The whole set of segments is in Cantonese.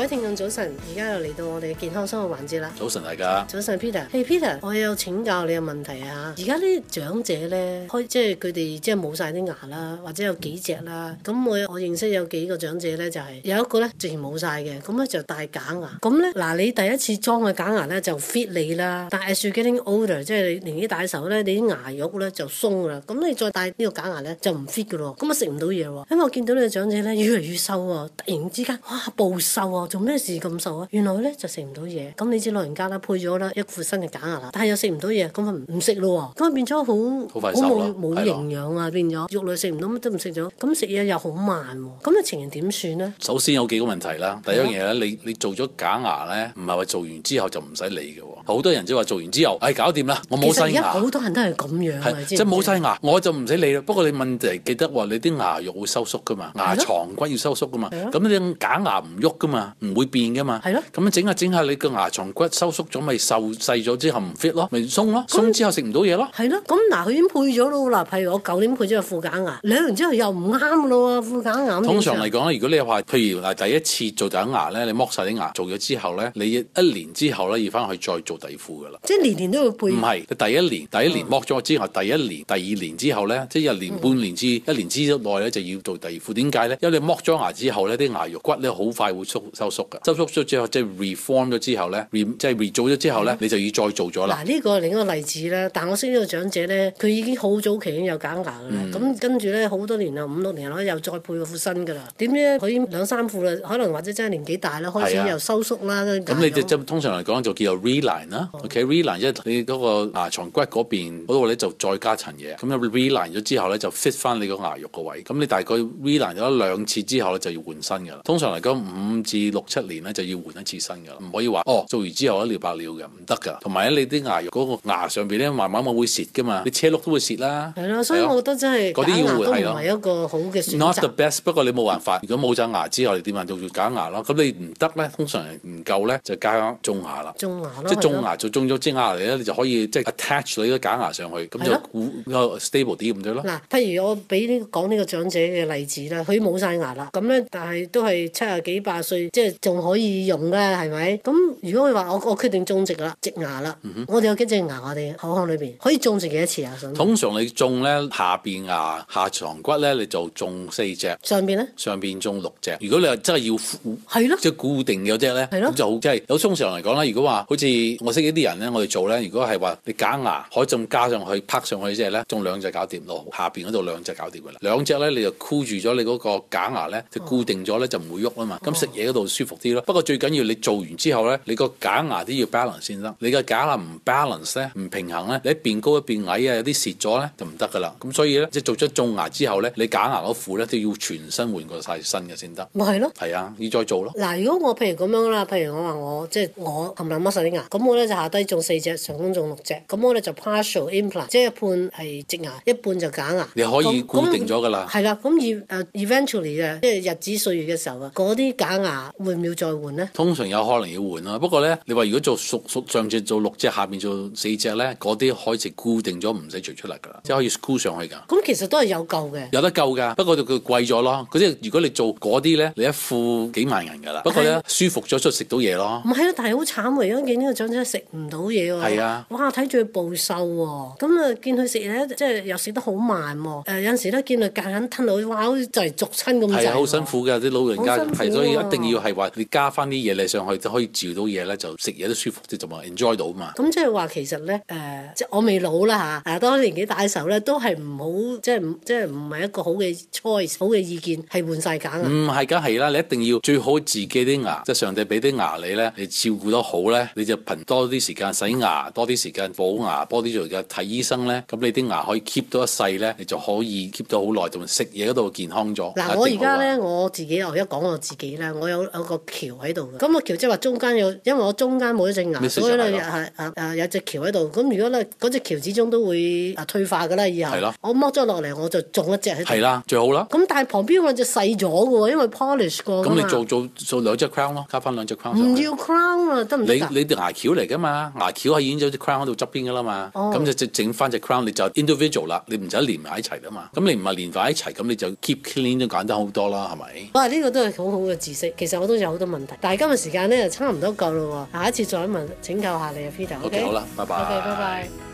各位聽眾早晨，而家又嚟到我哋嘅健康生活環節啦。早晨大家，早晨 Peter，Hey Peter，我有請教你個問題啊。而家啲長者咧，即係佢哋即係冇晒啲牙啦，或者有幾隻啦。咁我我認識有幾個長者呢，就係、是、有一個呢，之前冇晒嘅，咁咧就戴假牙。咁呢，嗱，你第一次裝嘅假牙呢，就 fit 你啦，但係 as you're getting older，即係你年紀大咗呢，你啲牙肉呢，就鬆啦。咁你再戴呢個假牙呢，就唔 fit 㗎咯，咁啊食唔到嘢喎。咁我見到你嘅長者咧，越嚟越瘦啊，突然之間哇暴瘦啊！做咩事咁瘦啊？原來呢就食唔到嘢，咁你知老人家啦，配咗啦一副新嘅假牙，但係又食唔到嘢，咁咪唔食咯喎，咁變咗好好快瘦囉，冇冇營養啊，的變咗肉類食唔到，乜都唔食咗，咁食嘢又好慢喎，咁啊情形點算呢？首先有幾個問題啦，第一樣嘢呢、哦，你做咗假牙呢，唔係話做完之後就唔使理嘅喎，好多人就話做完之後，誒、哎、搞掂啦，我冇晒牙，好多人都係咁樣，的即冇晒牙，我就唔使理啦。不過你問題記得喎，你啲牙肉會收縮㗎嘛，牙床骨要收縮㗎嘛，的你假牙唔喐㗎嘛。唔會變噶嘛？係咯的，咁樣整下整下，你個牙床骨收縮咗，咪瘦細咗之後唔 fit 咯，咪鬆那咯，鬆之後食唔到嘢咯。係咯，咁嗱，佢已經配咗咯啦。譬如我舊年配咗個副假牙，兩年之後又唔啱咯副假牙。通常嚟講咧，如果你話譬如嗱第一次做假牙咧，你剝晒啲牙做咗之後咧，你一年之後咧要翻去再做第二副噶啦。即係年年都會配？唔係，第一年第一年剝咗之後，第一年、嗯、第二年之後咧，即、就、係、是、一年半年至、嗯、一年之內咧就要做第二副。點解咧？因為你剝咗牙之後咧，啲牙肉骨咧好快會縮收。縮嘅，收縮咗之後即係、就是、reform 咗之後咧即係 re 做咗之後咧，你就要再做咗啦。嗱、啊，呢、這個另一個例子咧，但我識呢個長者咧，佢已經好早期已經有假牙噶啦。咁、嗯、跟住咧，好多年啦，五六年啦，又再配副新噶啦。點解佢已經兩三副啦？可能或者真係年紀大啦，開始又收縮啦。咁、啊、你即係通常嚟講就叫做 reline 啦，OK，reline 即係你嗰個牙床骨嗰邊嗰度咧就再加層嘢。咁有 reline 咗之後咧就 fit 翻你個牙肉個位。咁你大概 reline 咗兩次之後咧就要換新噶啦。通常嚟講五至六，六七年咧就要換一次新噶啦，唔可以話哦做完之後一了，了百了嘅，唔得噶。同埋咧你啲牙肉嗰、嗰個牙上邊咧，慢慢慢會蝕嘅嘛，你車碌都會蝕啦。係咯、啊，所以、啊、我覺得真係那些 假牙都唔係一個好嘅選擇、啊。Not the best，不過你冇辦法。如果冇咗牙之後，你點啊做假牙咯？咁你唔得咧，通常唔夠咧，就加種牙啦。種牙咯，即係種牙、啊、就種咗支牙嚟咧，你就可以即係 attach 你個假牙上去，咁、啊、就固個 stable 啲咁樣咯。嗱吧，譬、啊、如我俾呢、呢個、講呢個長者嘅例子啦，佢冇晒牙啦，咁咧但係都係七啊幾百啊歲，即係。仲可以用嘅係咪？咁如果佢話我我，我決定種植啦，植牙啦、嗯哼，我哋有幾隻牙我哋口腔裏邊可以種植幾多次啊？通常你種咧下邊牙下牀骨咧，你就種四隻，上邊咧？上邊種六隻。如果你話真係要固係咯，即係的固定嘅嗰隻咧，係咯的，就即、是、係有通常嚟講咧，如果話好似我識一啲人咧，我哋做咧，如果係話你假牙可以仲加上去拍上去即係咧，種兩隻搞掂咯，下邊嗰度兩隻搞掂㗎啦，兩隻咧你就箍住咗你嗰個假牙咧，就固定咗咧、哦、就唔會喐啊嘛。咁食嘢嗰度。舒服啲咯，不過最緊要你做完之後咧，你個假牙都要 balance 先得。你個假牙唔 balance 咧，唔平衡咧，你一邊高一邊矮啊，有啲蝕咗咧，就唔得噶啦。咁所以咧，即係做咗種牙之後咧，你假牙嗰副咧都要全身換過晒新嘅先得。咪係咯，係啊，要再做咯。嗱，如果我譬如咁樣啦，譬如我話我即係我冚唪唥剝晒啲牙，咁我咧就下低種四隻，上空種六隻，咁我咧就 partial implant，即係一半係植牙，一半就假牙。那你可以固定咗噶啦，係啦，咁而誒 eventually 啊，即係日子歲月嘅時候啊，嗰啲假牙。會唔會再換咧？通常有可能要換啦，不過咧，你話如果做熟熟上次做六隻，下面做四隻咧，嗰啲可以係固定咗，唔使除出嚟噶啦，即係可以箍上去噶。咁其實都係有夠嘅。有得救㗎，不過就佢貴咗咯。即啲如果你做嗰啲咧，你一副幾萬人㗎啦。不過咧，嗎舒服咗，就食到嘢咯。唔係啊，但係好慘，而家見呢個長者食唔到嘢喎。係啊！哇，睇住佢暴瘦喎，咁、嗯、啊，見佢食咧，即係又食得好慢喎、哦呃。有陣時都見佢夾硬吞落去，哇，好似就嚟逐親咁。係啊，好辛苦㗎，啲老人家、啊、所以一定要係。話你加翻啲嘢你上去就可以照到嘢咧，就食嘢都舒服啲，就嘛 enjoy 到啊嘛。咁即係話其實咧，誒、呃，即我未老啦吓、啊，當年紀大嘅時候咧，都係唔好，即係即係唔係一個好嘅 choice，好嘅意見係換晒揀唔係，梗係啦，你一定要最好自己啲牙，即係上帝俾啲牙你咧，你照顧得好咧，你就憑多啲時間洗牙，多啲時間補牙，多啲做嘅睇醫生咧，咁你啲牙可以 keep 到一世咧，你就可以 keep 到好耐，同埋食嘢嗰度健康咗。嗱，我而家咧我自己又一講我講自己呢。我有。個橋喺度㗎，咁，個橋即係話中間有，因為我中間冇一隻牙呢，所以又有、啊、有隻橋喺度。咁如果咧嗰隻橋始終都會啊退化㗎啦，以後。係啦。我剝咗落嚟，我就種一隻。係啦，最好啦。咁但係旁邊嗰隻細咗嘅喎，因為 polish 過。咁你做做做，做兩隻 crown 咯，加翻兩隻 crown，就是。唔要 crown 啊，得唔得？你你牙橋嚟㗎嘛，牙橋已經咗隻 crown 度側邊㗎啦嘛。哦。咁就整整翻隻 crown，你就 individual 啦，你唔使連埋一齊啊嘛。咁你唔係連埋一齊，咁你就 keep clean 都簡單好多啦，係咪？我呢，啊呢個都係好好嘅知識，其實我。都有好多問題，但係今日時間咧就差唔多夠咯喎，下一次再問請教下你啊，Peter，OK，好啦，拜拜，OK，拜拜。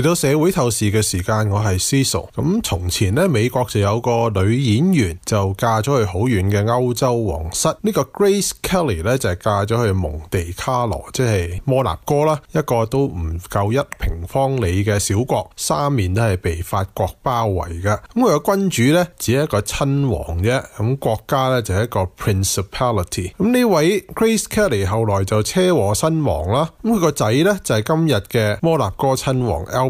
嚟到社會透視嘅時間，我係 Cecil 咁。從前咧，美國就有個女演員就嫁咗去好遠嘅歐洲皇室。這個、呢個 Grace Kelly 咧就係嫁咗去蒙地卡羅，即係摩納哥啦。一個都唔夠一平方里嘅小國，三面都係被法國包圍嘅。咁佢個君主咧只係一個親王啫。咁國家咧就係一個 Principality。咁呢位 Grace Kelly 後來就車禍身亡啦。咁佢個仔咧就係、是、今日嘅摩納哥親王 L。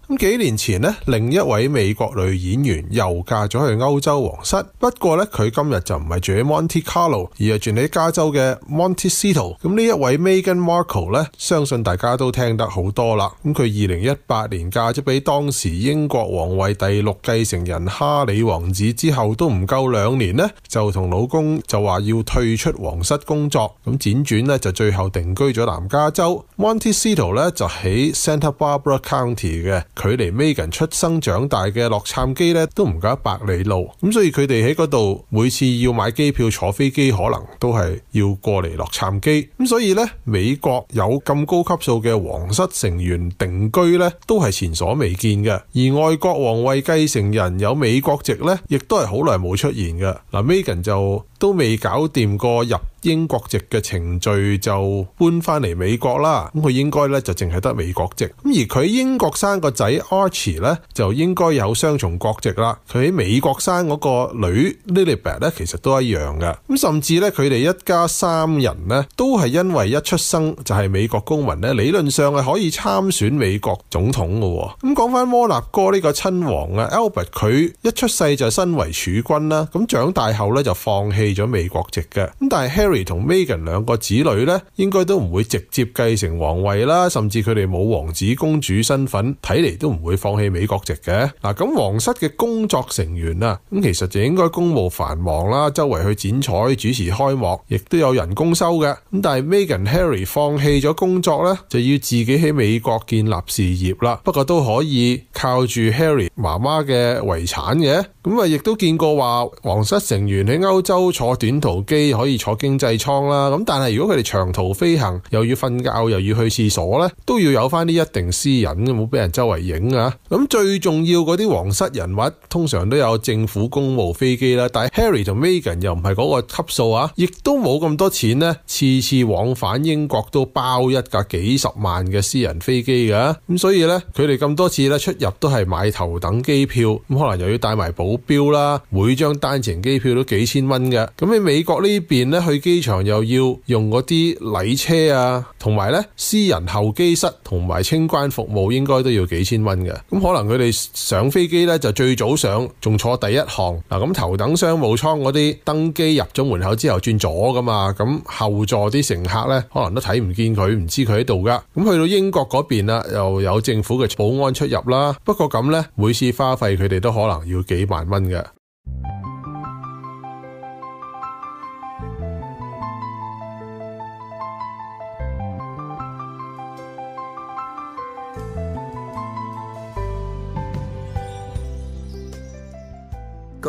咁幾年前呢，另一位美國女演員又嫁咗去歐洲皇室。不過咧，佢今日就唔係住喺 Monte Carlo，而係住喺加州嘅 Montecito。咁呢一位 Megan Markle 咧，相信大家都聽得好多啦。咁佢二零一八年嫁咗俾當時英國皇位第六繼承人哈里王子之後，都唔夠兩年呢，就同老公就話要退出皇室工作。咁輾轉呢，就最後定居咗南加州 Montecito 咧，就喺 Santa Barbara County 嘅。距離 Megan 出生長大嘅洛杉磯咧，都唔夠一百里路，咁所以佢哋喺嗰度每次要買機票坐飛機，可能都係要過嚟洛杉磯。咁所以咧，美國有咁高級數嘅皇室成員定居咧，都係前所未見嘅。而外國皇位繼承人有美國籍咧，亦都係好耐冇出現嘅。嗱，Megan 就都未搞掂過入。英國籍嘅程序就搬翻嚟美國啦，咁佢應該咧就淨係得美國籍，咁而佢英國生個仔 Archie 咧就應該有雙重國籍啦。佢喺美國生嗰個女 Lilibet 咧，其實都一樣嘅，咁甚至咧佢哋一家三人咧都係因為一出生就係美國公民咧，理論上係可以參選美國總統嘅。咁講翻摩納哥呢個親王啊，Albert 佢一出世就身為儲君啦，咁長大後咧就放棄咗美國籍嘅，咁但係 Harry 同 Megan 兩個子女咧，應該都唔會直接繼承皇位啦，甚至佢哋冇王子公主身份，睇嚟都唔會放棄美國籍嘅。嗱，咁皇室嘅工作成員啊，咁其實就應該公務繁忙啦，周圍去剪彩、主持開幕，亦都有人工收嘅。咁但係 Megan Harry 放棄咗工作咧，就要自己喺美國建立事業啦。不過都可以靠住 Harry 媽媽嘅遺產嘅。咁啊，亦都見過話皇室成員喺歐洲坐短途機可以坐經制倉啦，咁但係如果佢哋長途飛行又要瞓覺又要去廁所咧，都要有翻啲一定私隱嘅，冇俾人周圍影啊。咁最重要嗰啲皇室人物通常都有政府公務飛機啦，但係 Harry 同 Megan 又唔係嗰個級數啊，亦都冇咁多錢呢，次次往返英國都包一架幾十萬嘅私人飛機噶，咁所以呢，佢哋咁多次咧出入都係買頭等機票，咁可能又要帶埋保鏢啦，每張單程機票都幾千蚊嘅，咁喺美國呢邊咧去機場又要用嗰啲禮車啊，同埋呢，私人候機室同埋清關服務應該都要幾千蚊嘅。咁可能佢哋上飛機呢，就最早上，仲坐第一行嗱。咁頭等商務艙嗰啲登機入咗門口之後轉左㗎嘛。咁後座啲乘客呢，可能都睇唔見佢，唔知佢喺度㗎。咁去到英國嗰邊啦，又有政府嘅保安出入啦。不過咁呢，每次花費佢哋都可能要幾萬蚊嘅。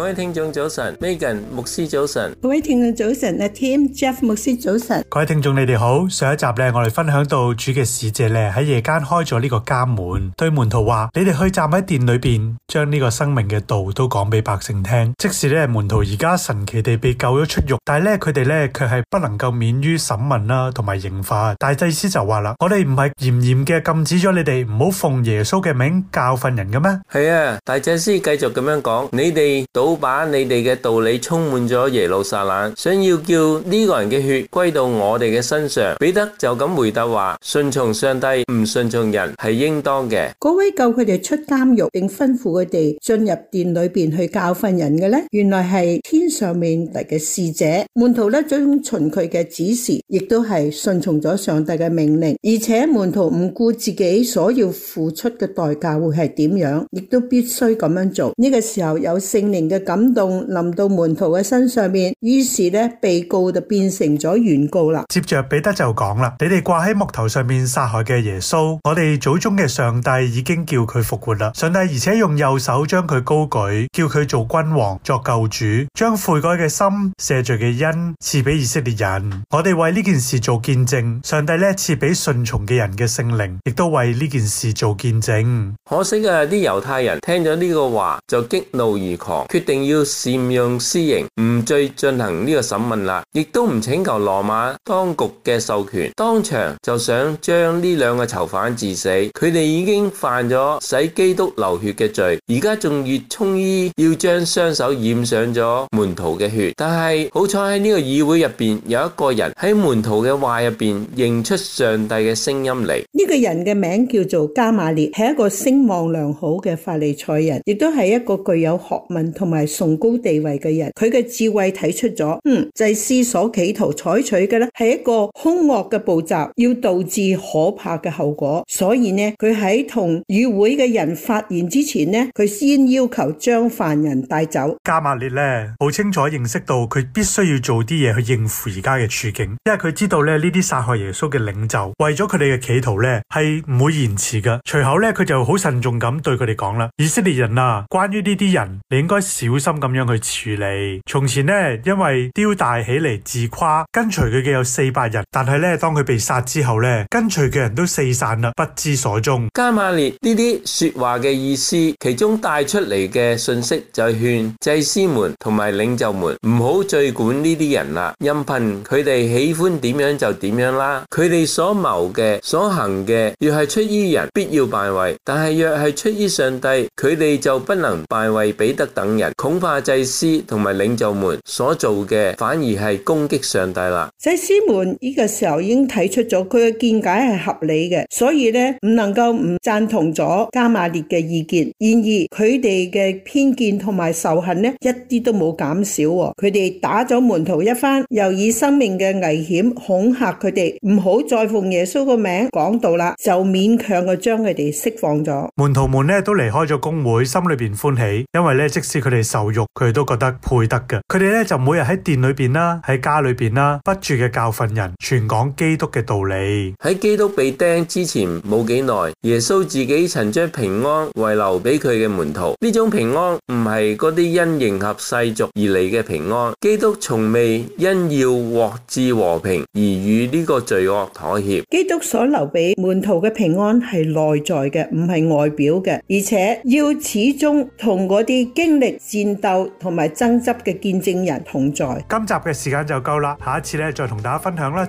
各位聽眾早晨，Megan 牧師早晨，各位聽眾早晨，阿 Tim、Jeff 牧師早晨。各位聽眾你哋好，上一集咧，我哋分享到主嘅使者咧喺夜間開咗呢個家門，對門徒話：你哋去站喺殿裏邊，將呢個生命嘅道都講俾百姓聽。即使咧，門徒而家神奇地被救咗出獄，但係咧，佢哋咧卻係不能夠免於審問啦，同埋刑罰。大祭司就話啦：我哋唔係嚴嚴嘅禁止咗你哋唔好奉耶穌嘅名教訓人嘅咩？係啊，大祭司繼續咁樣講：你哋到。把你哋嘅道理充滿咗耶路撒冷，想要叫呢個人嘅血歸到我哋嘅身上。彼得就咁回答話：順從上帝，唔順從人係應當嘅。嗰位救佢哋出監獄並吩咐佢哋進入殿裏邊去教訓人嘅咧，原來係天上面嚟嘅使者。門徒咧遵循佢嘅指示，亦都係順從咗上帝嘅命令，而且門徒唔顧自己所要付出嘅代價會係點樣，亦都必須咁樣做。呢個時候有聖靈嘅。感動臨到門徒嘅身上面，於是呢，被告就變成咗原告啦。接着彼得就講啦：你哋掛喺木頭上面殺害嘅耶穌，我哋祖宗嘅上帝已經叫佢復活啦。上帝而且用右手將佢高舉，叫佢做君王、作救主，將悔改嘅心、赦罪嘅恩賜俾以色列人。我哋為呢件事做見證，上帝呢賜俾順從嘅人嘅聖靈，亦都為呢件事做見證。可惜啊，啲猶太人聽咗呢個話就激怒而狂，定要善用私刑，唔再進行呢個審問啦，亦都唔請求羅馬當局嘅授權，當場就想將呢兩個囚犯致死。佢哋已經犯咗使基督流血嘅罪，而家仲越衷於要將雙手染上咗門徒嘅血。但係好彩喺呢個議會入邊，有一個人喺門徒嘅話入邊認出上帝嘅聲音嚟。呢個人嘅名叫做加瑪列，係一個聲望良好嘅法利賽人，亦都係一個具有學問同。埋崇高地位嘅人，佢嘅智慧睇出咗，嗯，祭司所企圖採取嘅咧，係一個凶惡嘅步驟，要導致可怕嘅後果。所以呢，佢喺同與會嘅人發言之前呢，佢先要求將犯人帶走。加瑪列咧，好清楚認識到佢必須要做啲嘢去應付而家嘅處境，因為佢知道咧呢啲殺害耶穌嘅領袖為咗佢哋嘅企圖咧係唔會延遲嘅。隨後咧，佢就好慎重咁對佢哋講啦：，以色列人啊，關於呢啲人，你應該。小心咁樣去處理。從前呢，因為丟大起嚟自誇，跟隨佢嘅有四百人。但係咧，當佢被殺之後咧，跟隨嘅人都四散啦，不知所蹤。加瑪列呢啲說話嘅意思，其中帶出嚟嘅信息就係勸祭司們同埋領袖們唔好再管呢啲人啦，任憑佢哋喜歡點樣就點樣啦。佢哋所謀嘅、所行嘅，若係出於人，必要敗壞；但係若係出於上帝，佢哋就不能敗壞彼得等人。恐怕祭司同埋領袖們所做嘅，反而係攻擊上帝啦。祭司們呢個時候已經睇出咗佢嘅見解係合理嘅，所以咧唔能夠唔贊同咗加瑪列嘅意見。然而佢哋嘅偏見同埋仇恨咧一啲都冇減少喎。佢哋打咗門徒一番，又以生命嘅危險恐嚇佢哋，唔好再奉耶穌個名講道啦，就勉強嘅將佢哋釋放咗。門徒們咧都離開咗公會，心裏邊歡喜，因為咧即使佢哋受辱，佢都覺得配得嘅。佢哋咧就每日喺殿裏邊啦，喺家裏邊啦，不住嘅教訓人，傳講基督嘅道理。喺基督被釘之前冇幾耐，耶穌自己曾將平安遺留俾佢嘅門徒。呢種平安唔係嗰啲因迎合世俗而嚟嘅平安。基督從未因要獲致和平而與呢個罪惡妥協。基督所留俾門徒嘅平安係內在嘅，唔係外表嘅，而且要始終同嗰啲經歷。戰鬥同埋爭執嘅見證人同在，今集嘅時間就夠啦，下一次呢再同大家分享啦。